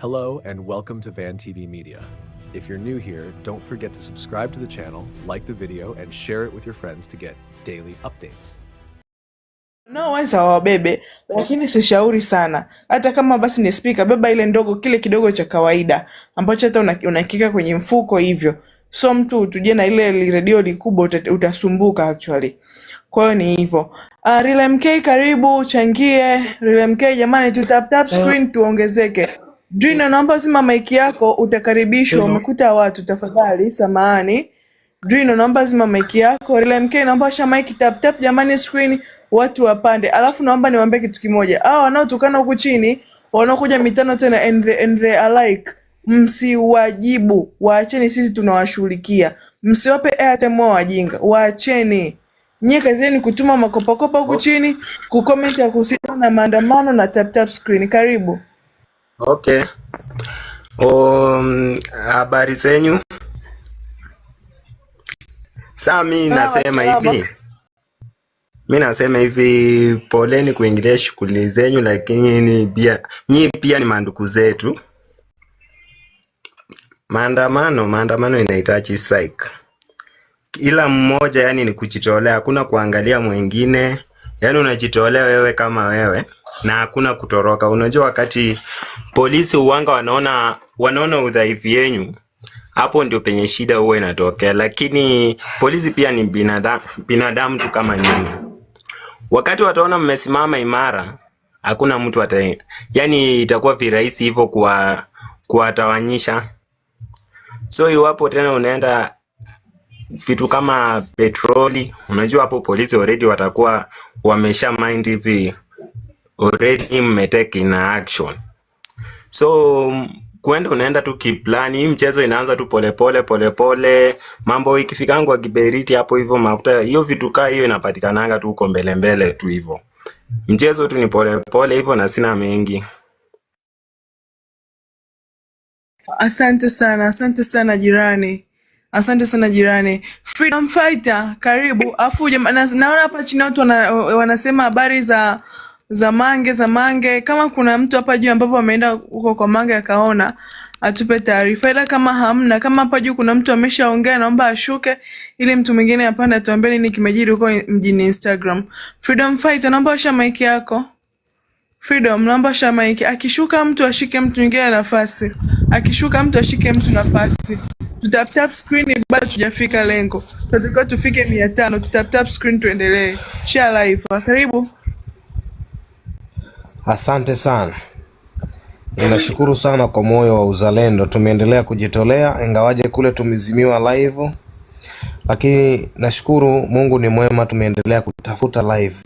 Hello and welcome to Van TV Media. If you're new here, don't forget to subscribe to the channel, like the video, and share it with your friends to get daily updates. No, Naoweza wawabebe, lakini sishauri sana. Hata kama basi ni spika, beba ile ndogo, kile kidogo cha kawaida ambacho hata unakika kwenye mfuko hivyo, so mtu tuje na ile redio likubwa, utasumbuka actually. Kwa hiyo ni hivyo. Uh, ah, Real MK karibu, changie Real MK jamani, tutap tap screen eh. tuongezeke. Drina, naomba zima maiki yako, utakaribishwa. Umekuta watu, tafadhali samahani. Drina, naomba zima maiki yako. Rila MK, naomba washa maiki, tap tap jamani, screen watu wapande. Alafu naomba niwaambie kitu kimoja, hao wanaotukana huku chini wanaokuja mitano tena and the, and the alike, msiwajibu, waacheni, sisi tunawashughulikia. Msiwape airtime wao wajinga, waacheni. Nyie kazi yenu kutuma makopakopa huku chini, kukomenti ya kuhusiana na maandamano na tap tap screen. Karibu. Okay. Um, habari zenyu? Saa mi ah, nasema hivi, mi nasema hivi, poleni kuingilia shughuli zenyu, lakini ni pia nyi pia ni manduku zetu. Maandamano, maandamano inahitaji psych, ila mmoja, yani ni kujitolea, hakuna kuangalia mwingine, yani unajitolea wewe kama wewe na hakuna kutoroka. Unajua, wakati polisi uwanga wanaona wanaona udhaifu yenyu, hapo ndio penye shida huwa inatokea. Lakini polisi pia ni binadamu, binadamu tu kama nyinyi. Wakati wataona mmesimama imara, hakuna mtu ata, yani itakuwa virahisi hivyo kwa kuwatawanyisha. So iwapo tena unaenda vitu kama petroli, unajua hapo polisi already watakuwa wamesha mind hivi already mmetake in action. So kwenda unaenda tu kiplani, hii mchezo inaanza tu polepole polepole, mambo ikifikangwa kiberiti hapo hivyo, mafuta hiyo vitu kaa hiyo inapatikananga tu huko mbele mbele tu hivyo. Mchezo tu ni polepole hivyo na sina mengi. Asante sana, asante sana jirani. Asante sana jirani. Freedom Fighter, karibu. Afu naona hapa chini watu wanasema habari za za Mange za Mange. Kama kuna mtu hapa juu ambapo ameenda huko kwa Mange akaona atupe taarifa, ila kama hamna, kama hapa juu kuna mtu ameshaongea, naomba ashuke ili mtu mwingine apande atuambie nini kimejiri huko mjini Instagram. Freedom Fighter, naomba washa maiki yako. Freedom, naomba washa maiki. Akishuka mtu ashike mtu mwingine nafasi, akishuka mtu ashike mtu nafasi. Tutap tap screen, bado tujafika lengo, tunatakiwa tufike 500. Tutap tap screen, tuendelee. Share live, karibu. Asante sana, ninashukuru sana kwa moyo wa uzalendo. Tumeendelea kujitolea ingawaje kule tumezimiwa live, lakini nashukuru Mungu ni mwema, tumeendelea kutafuta live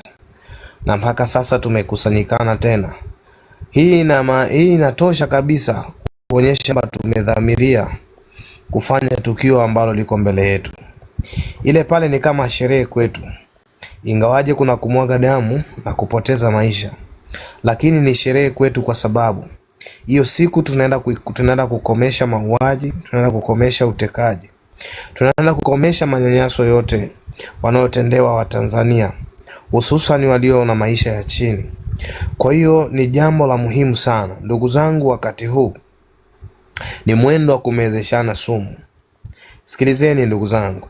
na mpaka sasa tumekusanyikana tena. Hii ina hii inatosha kabisa kuonyesha kwamba tumedhamiria kufanya tukio ambalo liko mbele yetu. Ile pale ni kama sherehe kwetu, ingawaje kuna kumwaga damu na kupoteza maisha lakini ni sherehe kwetu kwa sababu hiyo siku tunaenda tunaenda kukomesha mauaji, tunaenda kukomesha utekaji, tunaenda kukomesha manyanyaso yote wanaotendewa Watanzania hususani walio na maisha ya chini. Kwa hiyo ni jambo la muhimu sana ndugu zangu, wakati huu ni mwendo wa kumezeshana sumu. Sikilizeni ndugu zangu,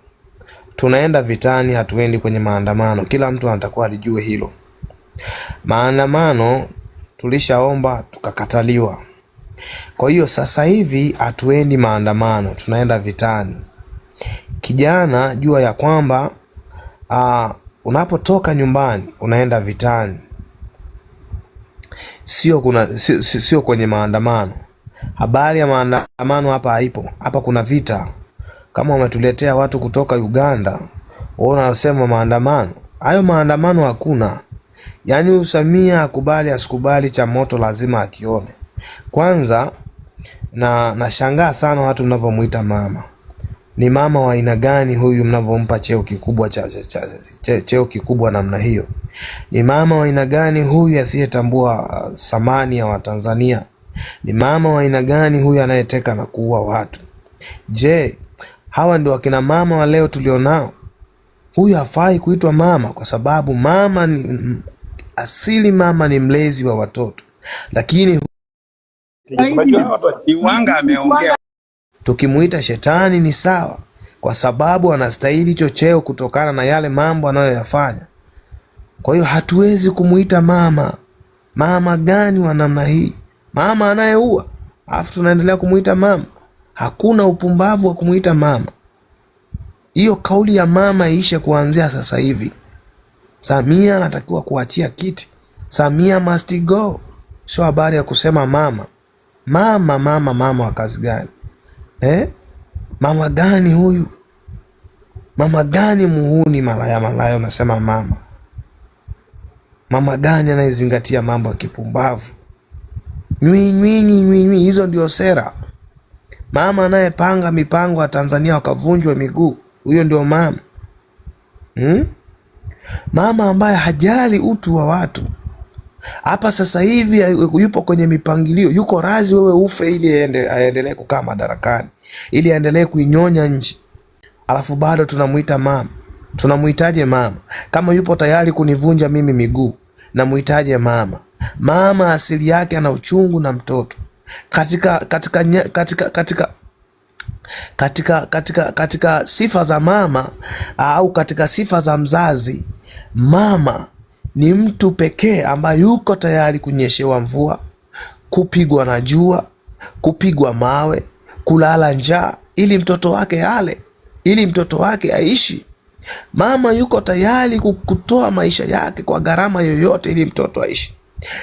tunaenda vitani, hatuendi kwenye maandamano. Kila mtu anatakuwa alijue hilo maandamano tulishaomba tukakataliwa. Kwa hiyo sasa hivi hatuendi maandamano, tunaenda vitani. Kijana, jua ya kwamba uh, unapotoka nyumbani unaenda vitani, sio kuna sio, sio kwenye maandamano. Habari ya maandamano hapa haipo, hapa kuna vita. Kama wametuletea watu kutoka Uganda wao wanasema maandamano, hayo maandamano hakuna. Yaani usamia akubali asikubali, cha moto lazima akione. Kwanza na nashangaa sana watu mnavyomwita mama. Ni mama wa aina gani huyu mnavyompa cheo kikubwa cha, cha, cha, cha, cheo kikubwa namna hiyo? Ni mama wa aina gani huyu asiyetambua uh, thamani ya Watanzania? Ni mama wa aina gani huyu anayeteka na kuua watu? Je, hawa ndio akina mama wa leo tulionao? Huyu hafai kuitwa mama, kwa sababu mama ni asili mama ni mlezi wa watoto, lakini tukimuita shetani ni sawa, kwa sababu anastahili chocheo kutokana na yale mambo anayoyafanya. Kwa hiyo hatuwezi kumuita mama. Mama gani wa namna hii? Mama anayeua, alafu tunaendelea kumuita mama? Hakuna upumbavu wa kumuita mama. Hiyo kauli ya mama iishe kuanzia sasa hivi. Samia anatakiwa kuachia kiti. Samia must go. Sio habari ya kusema mama mama mama mama wa kazi gani eh? Mama gani huyu? Mama gani muhuni malaya malaya unasema mama? Mama gani anayezingatia mambo ya kipumbavu? nywi nywi nywi nywi, hizo ndio sera. Mama anayepanga mipango ya Tanzania wakavunjwa miguu, huyo ndio mama hmm? mama ambaye hajali utu wa watu. Hapa sasa hivi yupo kwenye mipangilio, yuko razi wewe ufe ili aendelee kukaa madarakani, ili aendelee kuinyonya nchi, alafu bado tunamwita mama. Tunamwitaje mama kama yupo tayari kunivunja mimi miguu? Namwitaje mama? Mama asili yake ana uchungu na mtoto katika, katika, katika, katika katika, katika, katika sifa za mama au katika sifa za mzazi, mama ni mtu pekee ambaye yuko tayari kunyeshewa mvua, kupigwa na jua, kupigwa mawe, kulala njaa, ili mtoto wake ale, ili mtoto wake aishi. Mama yuko tayari kutoa maisha yake kwa gharama yoyote, ili mtoto aishi.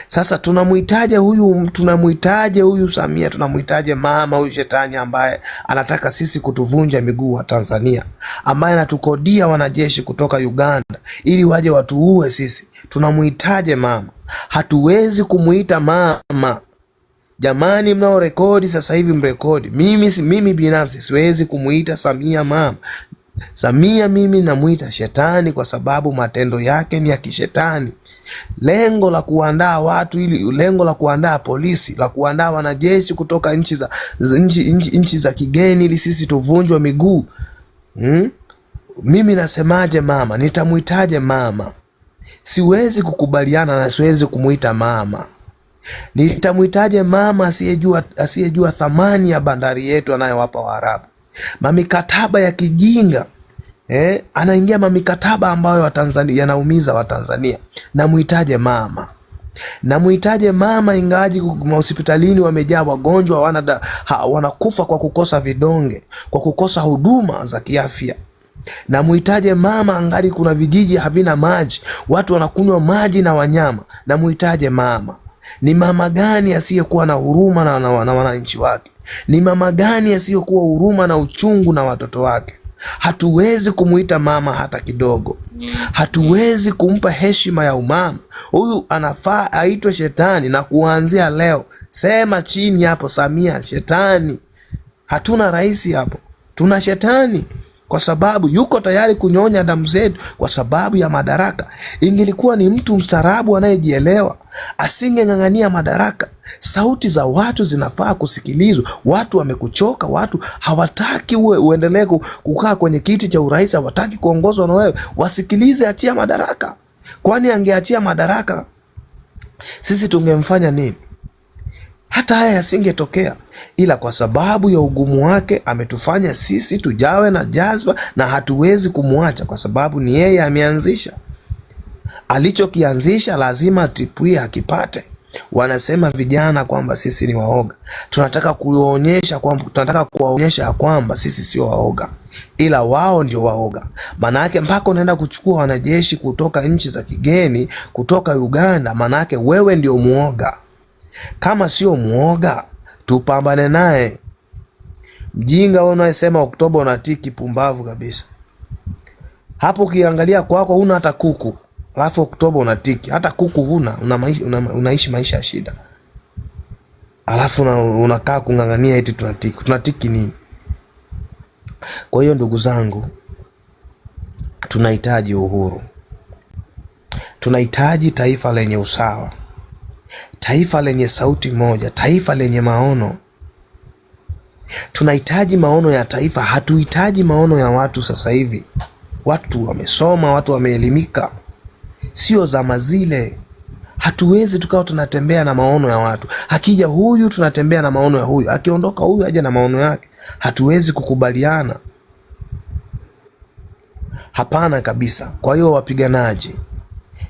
Sasa tunamuhitaje huyu, tunamuhitaje huyu Samia, tunamuhitaje mama huyu shetani ambaye anataka sisi kutuvunja miguu wa Tanzania, ambaye anatukodia wanajeshi kutoka Uganda ili waje watuue sisi. Tunamuhitaje mama? Hatuwezi kumuita mama. Jamani, mnao rekodi sasa hivi mrekodi. Mimi, mimi binafsi siwezi kumuita Samia mama. Samia mimi namwita shetani, kwa sababu matendo yake ni ya kishetani lengo la kuandaa watu ili lengo la kuandaa polisi la kuandaa wanajeshi kutoka nchi za, nchi, nchi, nchi za kigeni ili sisi tuvunjwe miguu hmm? Mimi nasemaje mama, nitamuitaje mama? Siwezi kukubaliana na siwezi kumuita mama. nitamuitaje mama asiyejua asiyejua thamani ya bandari yetu anayowapa Waarabu mamikataba ya kijinga eh, anaingia mamikataba ambayo Watanzania yanaumiza Watanzania. Namuitaje mama, namuitaje mama, ingawaji mahospitalini wamejaa wagonjwa wanada, ha, wanakufa kwa kukosa vidonge, kwa kukosa huduma za kiafya namuhitaje mama angali kuna vijiji havina maji, watu wanakunywa maji na wanyama. Namuhitaje mama? Ni mama gani asiyekuwa na huruma na wananchi wake? Ni mama gani asiyekuwa huruma na uchungu na watoto wake? Hatuwezi kumuita mama hata kidogo, hatuwezi kumpa heshima ya umama. Huyu anafaa aitwe shetani, na kuanzia leo sema chini hapo, Samia shetani. Hatuna rais hapo, tuna shetani kwa sababu yuko tayari kunyonya damu zetu kwa sababu ya madaraka. Ingelikuwa ni mtu mstarabu anayejielewa, asingeng'ang'ania madaraka. Sauti za watu zinafaa kusikilizwa. Watu wamekuchoka, watu hawataki uwe uendelee kukaa kwenye kiti cha urais, hawataki kuongozwa na wewe. Wasikilize, achia madaraka. Kwani angeachia madaraka, sisi tungemfanya nini? hata haya yasingetokea, ila kwa sababu ya ugumu wake ametufanya sisi tujawe na jazba, na hatuwezi kumwacha kwa sababu ni yeye ameanzisha. Alichokianzisha lazima tipuie akipate. Wanasema vijana kwamba sisi ni waoga. Tunataka kuonyesha kwamba tunataka kuwaonyesha kwamba sisi sio waoga, ila wao ndio waoga. Maanake mpaka unaenda kuchukua wanajeshi kutoka nchi za kigeni, kutoka Uganda, maanake wewe ndio muoga. Kama sio mwoga, tupambane naye. Mjinga wewe unayesema Oktoba unatiki, pumbavu kabisa. Hapo ukiangalia kwako huna hata kuku, alafu Oktoba unatiki. Hata kuku huna, unaishi una, maisha ya shida, alafu unakaa una kung'ang'ania eti tunatiki. Tunatiki nini? Kwa hiyo ndugu zangu, tunahitaji uhuru, tunahitaji taifa lenye usawa taifa lenye sauti moja, taifa lenye maono. Tunahitaji maono ya taifa, hatuhitaji maono ya watu. Sasa hivi watu wamesoma, watu wameelimika, sio zama zile. Hatuwezi tukawa tunatembea na maono ya watu. Akija huyu tunatembea na maono ya huyu, akiondoka huyu aje na maono yake. Hatuwezi kukubaliana, hapana kabisa. Kwa hiyo wapiganaji,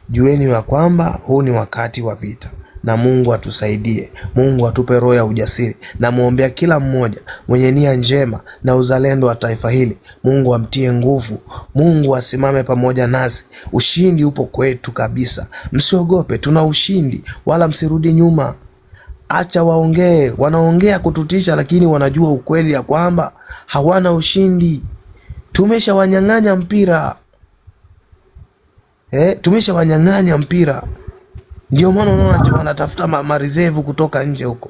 jueni ya kwamba huu ni wakati wa vita na Mungu atusaidie. Mungu atupe roho ya ujasiri. Namwombea kila mmoja mwenye nia njema na uzalendo wa taifa hili, Mungu amtie nguvu, Mungu asimame pamoja nasi. Ushindi upo kwetu kabisa, msiogope, tuna ushindi, wala msirudi nyuma. Acha waongee, wanaongea kututisha, lakini wanajua ukweli ya kwamba hawana ushindi. Tumeshawanyang'anya mpira eh, tumeshawanyang'anya mpira. Ndio maana unaona wanatafuta mareserve kutoka nje huko,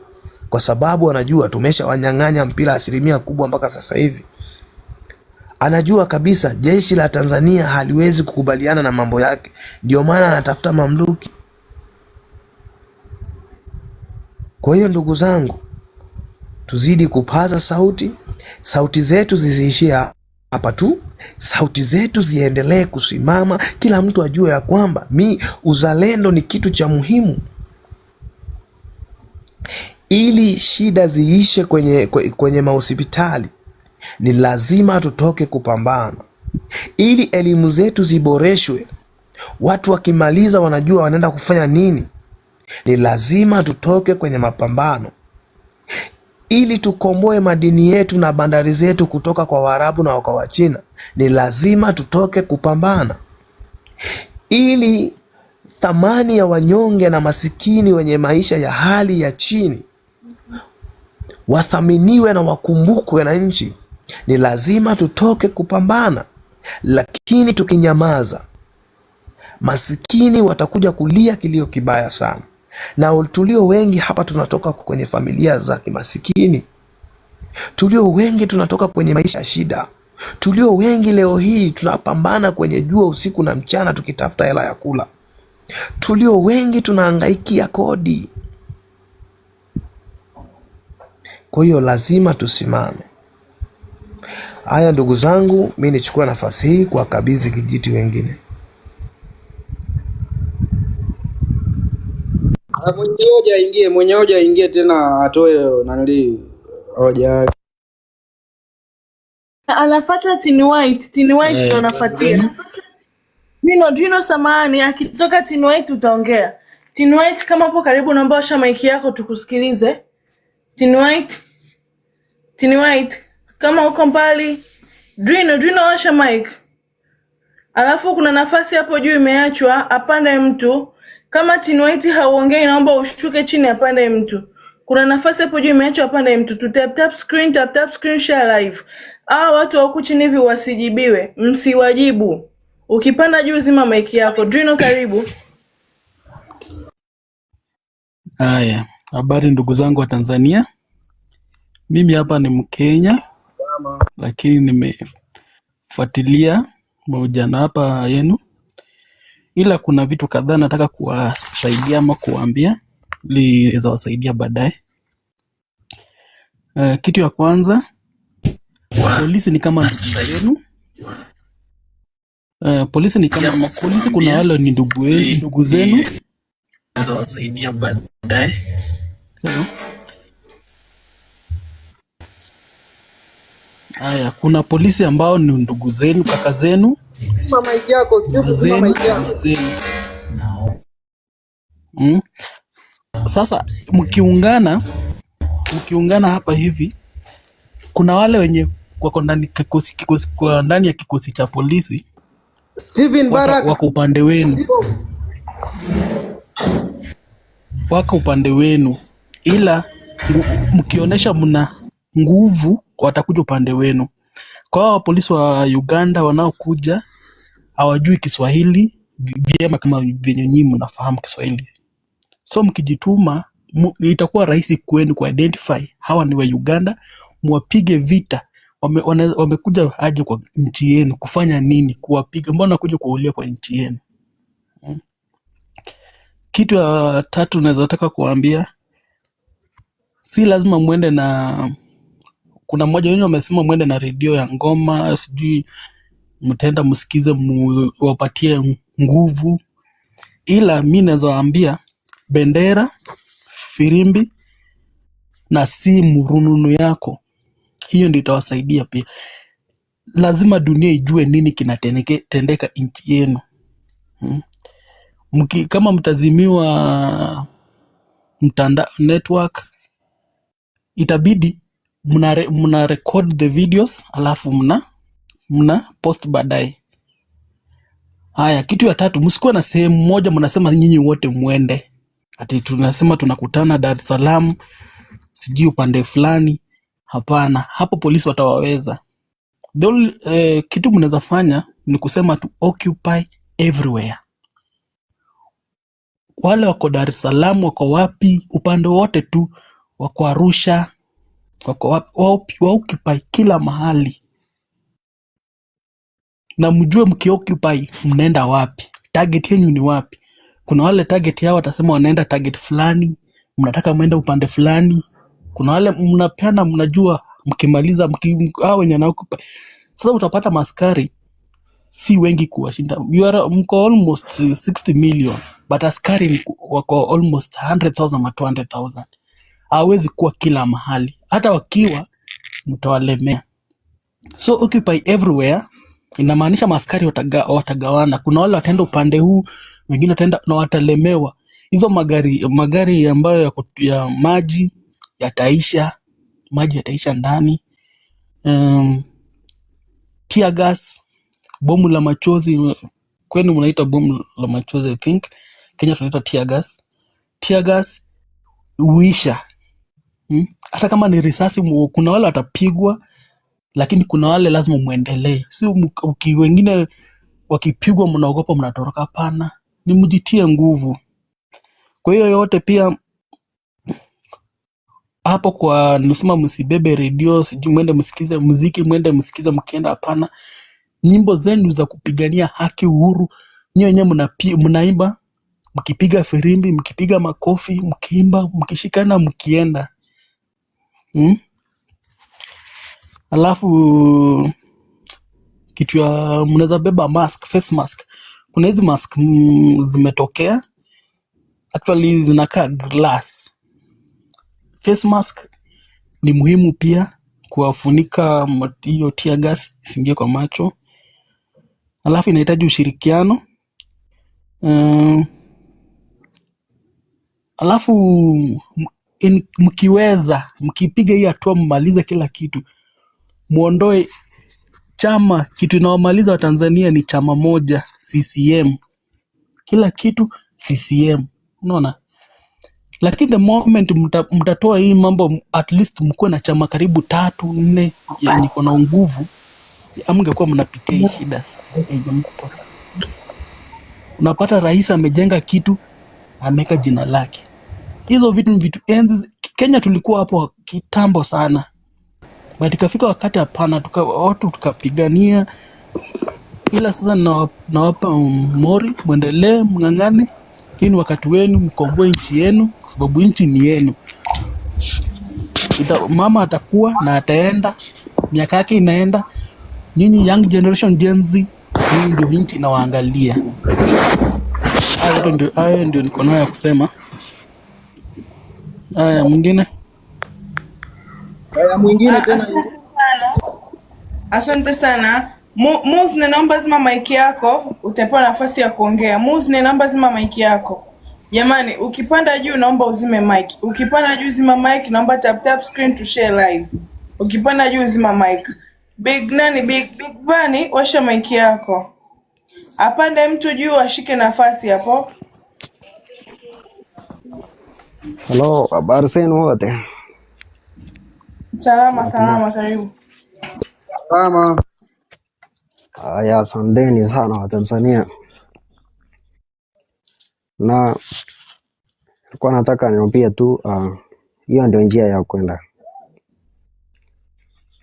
kwa sababu anajua tumeshawanyang'anya mpira asilimia kubwa mpaka sasa hivi. Anajua kabisa jeshi la Tanzania haliwezi kukubaliana na mambo yake, ndio maana anatafuta mamluki. Kwa hiyo ndugu zangu, tuzidi kupaza sauti, sauti zetu ziziishia hapa tu sauti zetu ziendelee kusimama, kila mtu ajue ya kwamba mi uzalendo ni kitu cha muhimu ili shida ziishe kwenye, kwenye mahospitali ni lazima tutoke kupambana, ili elimu zetu ziboreshwe, watu wakimaliza wanajua wanaenda kufanya nini. Ni lazima tutoke kwenye mapambano, ili tukomboe madini yetu na bandari zetu kutoka kwa Waarabu na kwa Wachina ni lazima tutoke kupambana ili thamani ya wanyonge na masikini wenye maisha ya hali ya chini wathaminiwe na wakumbukwe na nchi. Ni lazima tutoke kupambana, lakini tukinyamaza, masikini watakuja kulia kilio kibaya sana, na tulio wengi hapa tunatoka kwenye familia za kimasikini, tulio wengi tunatoka kwenye maisha ya shida. Tulio wengi leo hii tunapambana kwenye jua usiku na mchana, tukitafuta hela ya kula. Tulio wengi tunahangaikia kodi. Kwa hiyo lazima tusimame. Haya ndugu zangu, mi nichukua nafasi hii kuwakabidhi kijiti wengine. Mwenye hoja aingie, mwenye hoja aingie tena atoe nanili hoja yake anafata Tin White, Tin White eh, ndo anafuatia Dino. Eh. Dino samahani, akitoka Tin White utaongea. Tin White kama po karibu, naomba washa maiki yako tukusikilize. Tin White, Tin White kama uko mbali, Dino, Dino washa mic. Alafu kuna nafasi hapo juu imeachwa, apande mtu. Kama Tin hauongei, naomba ushuke chini, apande mtu. Kuna nafasi hapo juu imeachwa, apande mtu. Tutap tap screen, tap tap screen, share live ah, watu wa huku chini hivi wasijibiwe, msiwajibu. Ukipanda juu zima maiki yako. Drino, karibu. Haya, habari ndugu zangu wa Tanzania. Mimi hapa ni Mkenya lakini nimefuatilia mahojiano hapa yenu, ila kuna vitu kadhaa nataka kuwasaidia ama kuwaambia ili iweza wasaidia baadaye. Uh, kitu ya kwanza Polisi ni kama ndugu yenu. Uh, polisi ni kama polisi, kuna wale ni ndugu yenu, ndugu zenu wasaidia baadaye. Haya, kuna polisi ambao ni ndugu zenu, kaka zenu, mm. Sasa mkiungana mkiungana hapa hivi, kuna wale wenye wako ndani kikosi, kikosi, kwa ndani ya kikosi cha polisi Steven Barak wako upande wenu, wako upande wenu, ila mkionyesha mna nguvu watakuja upande wenu. Kwa hao polisi wa Uganda wanaokuja hawajui Kiswahili vyema kama venye nyinyi mnafahamu Kiswahili, so mkijituma itakuwa rahisi kwenu ku identify hawa ni wa Uganda, mwapige vita wame, wamekuja aje kwa nchi yenu kufanya nini? Kuwapiga? Mbona kuja kuulia kwa nchi yenu hmm? Kitu ya tatu naweza taka kuambia, si lazima mwende na, kuna mmoja wenyu wamesema mwende na redio ya ngoma, sijui mtaenda msikize, muwapatie nguvu, ila mi naweza waambia bendera, firimbi na simu rununu yako hiyo ndio itawasaidia pia. Lazima dunia ijue nini kinatendeka nchi yenu hmm. kama mtazimiwa mtandao network itabidi mna, re, mna record the videos alafu mna mna post baadaye. Haya, kitu ya tatu, msikuwe na sehemu moja mnasema nyinyi wote mwende, ati tunasema tunakutana Dar Salaam sijui upande fulani. Hapana, hapo polisi watawaweza. The only, eh, kitu mnaweza fanya ni kusema tu occupy everywhere. Wale wako Dar es Salaam, wako wapi, upande wote tu, wako Arusha, wako wapi, wa occupy kila mahali, na mjue occupy mnaenda wapi, target yenu ni wapi. Kuna wale target yao watasema wanaenda target fulani, mnataka mwenda upande fulani kuna wale mnapeana, mnajua mkimaliza mki, hao wenye nakupa sasa, utapata maskari si wengi kuwashinda. You are mko almost 60 million but askari wako almost 100,000 or 200,000. Hawezi kuwa kila mahali, hata wakiwa mtawalemea. So occupy everywhere inamaanisha maskari wataga, watagawana. Kuna wale wataenda upande huu, wengine wataenda na watalemewa. Hizo magari magari ambayo ya, ya maji yataisha, maji yataisha ndani. Um, tear gas, bomu la machozi kwenu mnaita bomu la machozi I think. Kenya tunaita tear gas. Tear gas uisha. hmm? Hata kama ni risasi, kuna wale watapigwa, lakini kuna wale lazima mwendelee, si wengine wakipigwa mnaogopa mnatoroka. Hapana, ni mjitie nguvu. Kwa hiyo yote pia hapo kwa nimesema msibebe redio, sijui mwende msikize muziki, mwende msikize mkienda. Hapana, nyimbo zenu za kupigania haki, uhuru, nyewe wenyewe mnaimba mkipiga firimbi, mkipiga makofi, mkiimba, mkishikana, mkienda hmm? Alafu kitu ya mnaweza beba mask, face mask. Kuna hizi mask mm, zimetokea actually zinakaa glass Face mask ni muhimu pia kuwafunika hiyo tear gas isingie kwa macho. Alafu inahitaji ushirikiano. um, alafu in, mkiweza mkipiga hii hatua mmalize kila kitu, muondoe chama. Kitu inawamaliza Watanzania ni chama moja CCM, kila kitu CCM. Unaona, lakini the moment mta, mtatoa hii mambo at least mkuwe na chama karibu tatu nne yenye iko na nguvu, amngekuwa mnapitia hii shida yenye mko Unapata rais amejenga kitu ameweka jina lake, hizo vitu vitu enzi Kenya tulikuwa hapo kitambo sana, but ikafika wakati hapana, tuka, watu tukapigania. Ila sasa nawapa um, mori, mwendelee, mng'ang'ane, hii ni wakati wenu, mkomboe nchi yenu sababu nchi ni yenu. Mama atakuwa na ataenda, miaka yake inaenda. Nyinyi young generation Gen Z, ndio nchi inawaangalia. Hayo ndio niko nayo ya kusema. Haya, mwingine mwingine ah, tena. Asante sana Muzne, naomba zima maiki yako, utapewa nafasi ya kuongea. Muzne, naomba zima maiki yako. Jamani, ukipanda juu naomba uzime mic. Ukipanda juu zima mic, naomba tap tap screen to share live. Ukipanda juu zima mic. Big nani big big bani washa mic yako. Apande mtu juu ashike nafasi hapo. Hello, habari zenu wote? Salama salama, karibu. Salama. Aya, asanteni sana Watanzania na nilikuwa nataka niwaambie tu ah, hiyo, uh, ndio njia ya kwenda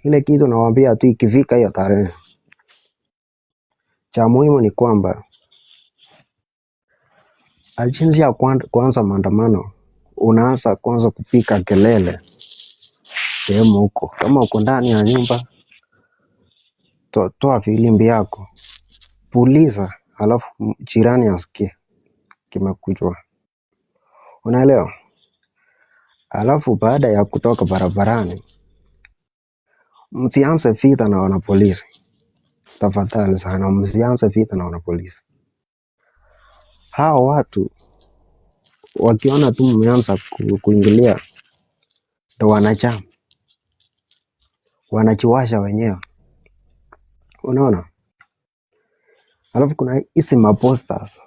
ile kitu nawaambia tu, ikifika hiyo tarehe, cha muhimu ni kwamba ajinsi ah, ya kuanza maandamano, unaanza kwanza kupika kelele sehemu huko, kama uko ndani ya nyumba, toa filimbi yako, puliza, halafu jirani asikie kimekuchwa, unaelewa. Alafu baada ya kutoka barabarani, msianze vita na wanapolisi tafadhali sana, msianze vita na wanapolisi. Hao watu wakiona tu mmeanza kuingilia, ndo wanachama wanachiwasha wenyewe, unaona. Alafu kuna hizi maposters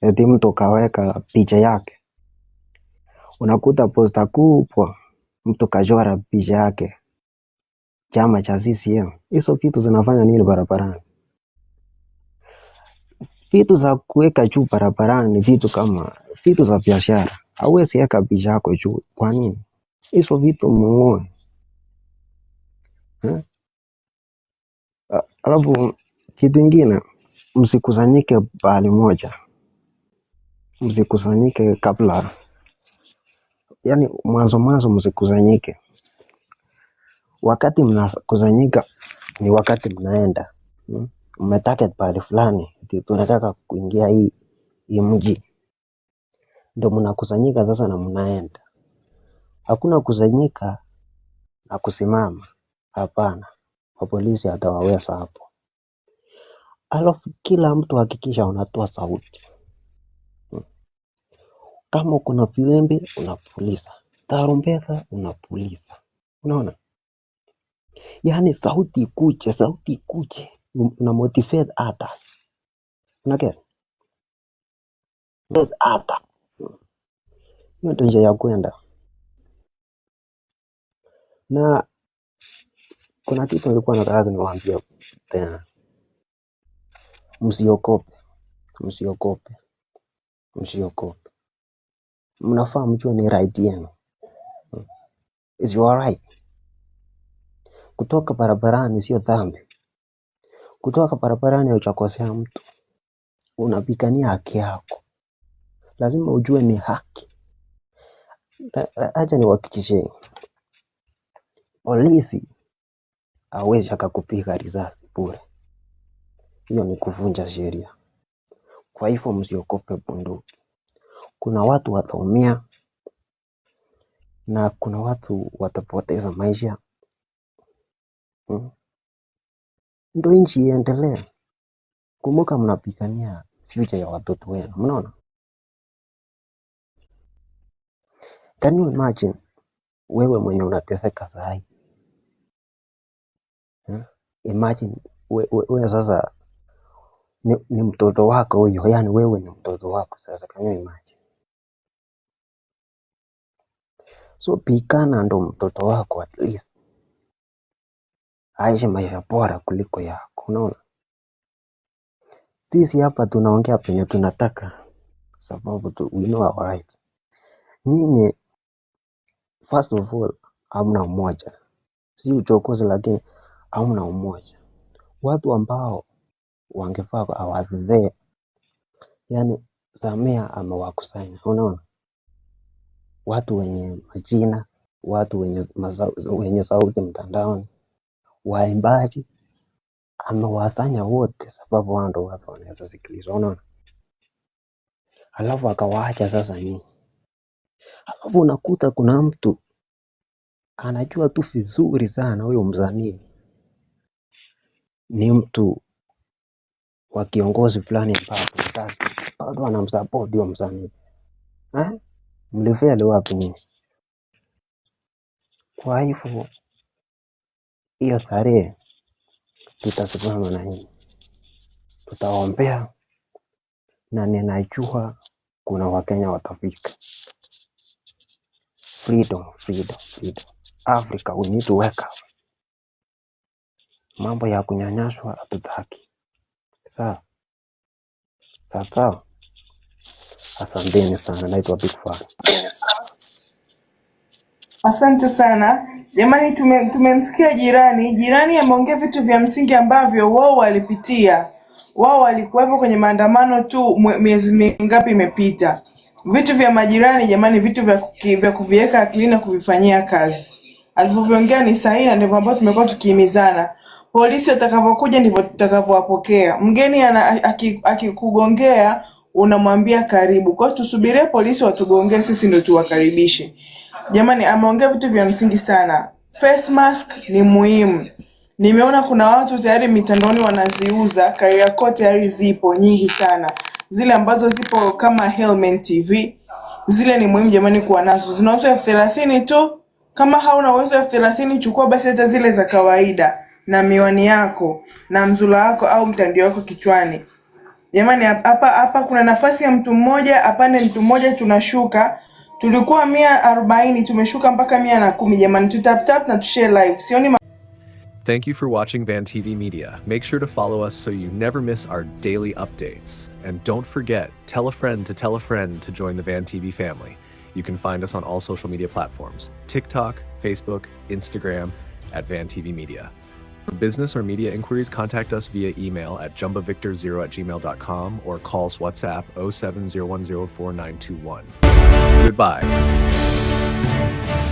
eti eh? mtu kaweka picha yake, unakuta posta kubwa mtu kajora picha yake chama cha CCM. Hizo vitu zinafanya nini barabarani? Vitu za kuweka juu barabarani ni vitu kama vitu za biashara, hauwezi weka picha yako juu. Kwa nini hizo vitu mng'oe? Eh? Alafu kitu ingine Msikusanyike pahali moja, msikusanyike kabla, yani mwanzo mwanzo msikusanyike. Wakati mnakusanyika ni wakati mnaenda mmetake mmetarget pahali fulani, tunataka kuingia hii hii mji, ndio mnakusanyika sasa na mnaenda. Hakuna kusanyika na kusimama, hapana. mapolisi atawaweza hapo. Alafu kila mtu hakikisha unatoa sauti. Kama kuna filimbi unapuliza, tarumbeta unapuliza. Unaona? Yaani sauti ikuje, sauti ikuje una motivate others. Unaget? Hiyo ndio njia ya kwenda. Na kuna kitu nilikuwa nataka niwaambie tena. Msiogope, msiogope, msiogope. Mnafaa mjue ni right yenu. is your right. Kutoka barabarani sio dhambi. Kutoka barabarani haujakosea mtu, unapigania haki yako. Lazima ujue ni haki. Acha niwahakikishie, polisi hawezi akakupiga risasi bure hiyo ni kuvunja sheria. Kwa hivyo msiogope bunduki. Kuna watu wataumia na kuna watu watapoteza maisha hmm. Ndio nchi iendelee. Kumbuka, mnapigania future ya watoto wenu, mnaona? Can you imagine wewe mwenye unateseka saa hii hmm? Imagine wewe we, we sasa ni, ni mtoto wako huyo, yani wewe ni mtoto wako. Sasa can you imagine? So pikana, ndo mtoto wako at least aishi maisha bora kuliko yako. Unaona, sisi hapa tunaongea penye tunataka, sababu tu we know our rights. Nyinyi first of all hamna umoja, si uchokozi, lakini hamna umoja. Watu ambao wangefaa awazee, yaani Samia amewakusanya. Unaona watu wenye majina, watu wenye, wenye sauti mtandaoni, waimbaji amewasanya wote, sababu wao ndio watu wanaweza sikilizwa, Unaona, alafu akawaacha sasa nyinyi, alafu unakuta kuna mtu anajua tu vizuri sana huyo msanii ni mtu wa kiongozi fulani mpaka watu wanamsupport huyo msanii eh, mlifeli wapi nyinyi? Kwa hivyo hiyo tarehe tutasimama na hii. tutaombea na ninajua kuna Wakenya watafika. Freedom, freedom, freedom. Africa, we need to wake up. Mambo ya kunyanyaswa hatutaki. Sawa sawa sawa, asanteni sana. Naitwa Big Fan. Asante sana jamani, tumemsikia tume jirani. Jirani ameongea vitu vya msingi ambavyo wao walipitia, wao walikuwepo kwenye maandamano tu miezi mingapi imepita. Vitu vya majirani jamani, vitu vya, vya kuviweka akili na kuvifanyia kazi. Alivyoviongea ni sahihi na ndivyo ambavyo tumekuwa tukihimizana polisi watakavyokuja ndivyo tutakavyowapokea. Mgeni akikugongea aki unamwambia karibu. Kwa tusubirie polisi watugongee, sisi ndio tuwakaribishe. Jamani, ameongea vitu vya msingi sana. Face mask ni muhimu. Nimeona kuna watu tayari mitandaoni wanaziuza, Kariakoo tayari zipo nyingi sana, zile ambazo zipo kama Helmet TV, zile ni muhimu jamani kuwa nazo. Zinauzwa elfu thelathini tu. Kama hauna uwezo wa elfu thelathini, chukua basi hata zile za kawaida. na miwani yako na mzula wako au mtandio wako kichwani. Jamani, hapa hapa kuna nafasi ya mtu mmoja apande mtu mmoja, tunashuka. Tulikuwa mia arobaini tumeshuka mpaka mia na kumi. Jamani, na tushare live, sioni. Thank you for watching Van TV Media. Make sure to follow us so you never miss our daily updates. And don't forget, tell a friend to tell a friend to join the Van TV family. You can find us on all social media platforms TikTok, Facebook, Instagram at Van TV Media. For business or media inquiries, contact us via email at jumbavictor0 at gmail.com or call us WhatsApp 070104921. Goodbye.